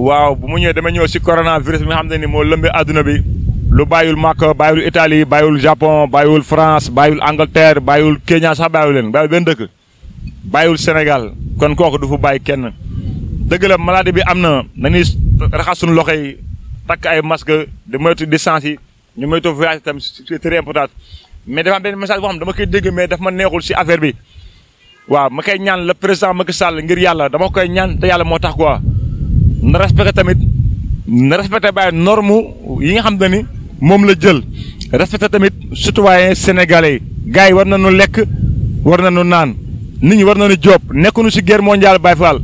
waaw bu mu ñëwee dama ñëw si coronavirus bi nga xam ne moo lëmbee àdduna bi lu bàyyul Màkka bàyyul Italie bàyyul Japon bàyyul France bàyyul Angleterre bàyyul Kenya sax bàyyul leen bàyyul benn dëkk bàyyul Sénégal kon kooku du fu bàyyi kenn dëgg la maladie bi am na nañuy raxas suñu loxo yi takk ay masque di moytu distance yi ñu moytu voyage tam c'est très important mais dafa am benn boo dama koy dégg mais daf ma neexul si affaire bi waaw ma koy ñaan la président Macky Sall ngir yàlla dama koy ñaan te yàlla moo tax quoi na respecté tamit na respecté bàyyi normu yi nga xam te ni moom la jël respecté tamit citoyen sénégalais yi gars yi war nañu lekk war na nañu naan nit ñi war na nañu job nekkuñu si guerre mondiale Baye Fall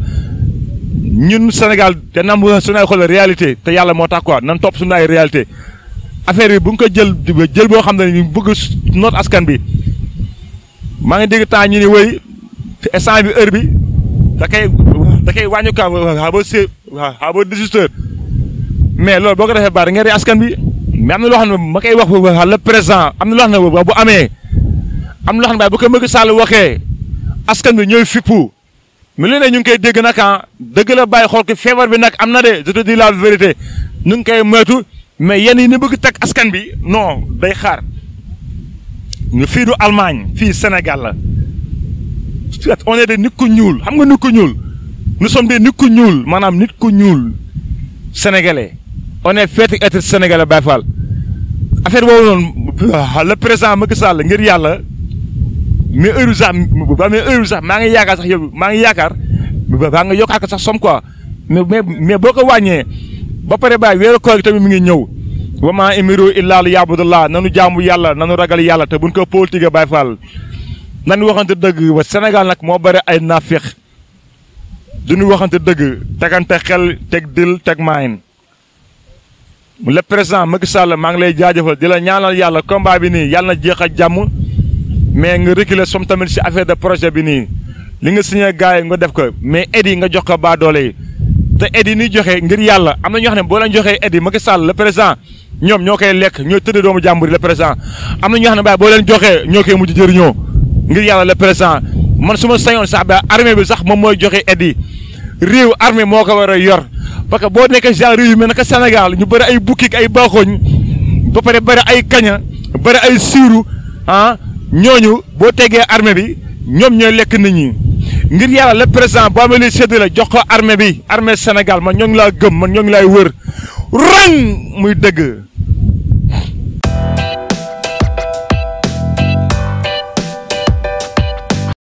ñun Sénégal te nam su ay xool réalité te yàlla moo tax na nan topp suñu ay réalité affaire bi bu ñu ko jël jël boo xam ne ñu bëgg noot askan bi maa ngi dégg temps ñu ni wéy instant bi heure bi da kay da koy wàññi quoi ba waaw xaw ma désisteur mais loolu boo ko defee baax nga askan bi mais am na loo xam ne ma koy wax le président am na loo xam ne bu amee am na loo xam ne bu ko Macky Sall waxee askan bi ñooy fippu mu ne ñu ngi koy dégg nag ah dëgg la bàyyi xool ko feebar bi nag am na de je te dis la vérité ñu ngi koy moytu mais yenn yi ni bëgg teg askan bi non day xaar ñu fii du almaañ fii Sénégal la on est de nit ku ñuul xam nga nit ku ñuul. nous sommes des nit ku ñuul maanaam nit ku ñuul sénégalais on est fait être sénégalais Baye Fall affaire boobu noonu ah, le président Macky Sall ngir yàlla mais heure sax ba mais heure sax maa ngi yaakaar sax yow maa ngi yaakaar baa nga yokkaat ko sax somme quoi mais mais mais boo ko wàññee ba pare bàyyi weeru koor gi tamit mi ngi ñëw wa maa imiru illaa li yaabudullah nanu jaamu yàlla nanu ragal yàlla te buñ ko politique Baye Fall nanu waxante dëgg ba Sénégal nag moo bëri ay naafeq du ñu waxante dëgg tegante xel teg dil teg maayin le président Macky Sall maa ngi lay jaajëfal di la ñaanal yàlla combat bi nii yàlla na jeex a jàmm mais nga reculer som tamit si affaire de projet bi nii li nga signé gars yi nga def ko mais aide yi nga jox ko baa doole yi te aide yi ñuy joxe ngir yàlla am na ñoo xam ne boo leen joxee aide yi Macky Sall le président ñoom ñoo koy lekk ñooy tëdd doomu jàmbur yi le président am na ñoo xam ne baa boo leen joxee ñoo koy mujj jëriñoo ngir yàlla le man su ma sañoon sax ba armée bi sax moom mooy joxe aide yi réew armée moo ko war a yor parce que boo nekkee genre réew yu mel naka Sénégal ñu bëri ay bukki ay baaxooñ ba pare bëri ay kaña bëri ay siiru ah ñooñu boo tegee armée bi ñoom ñooy lekk nit ñi ngir yàlla le président boo amee luy séddale jox ko armee bi armée Sénégal man ñoo laa gëm man ñooñ laay wër rang muy dëgg.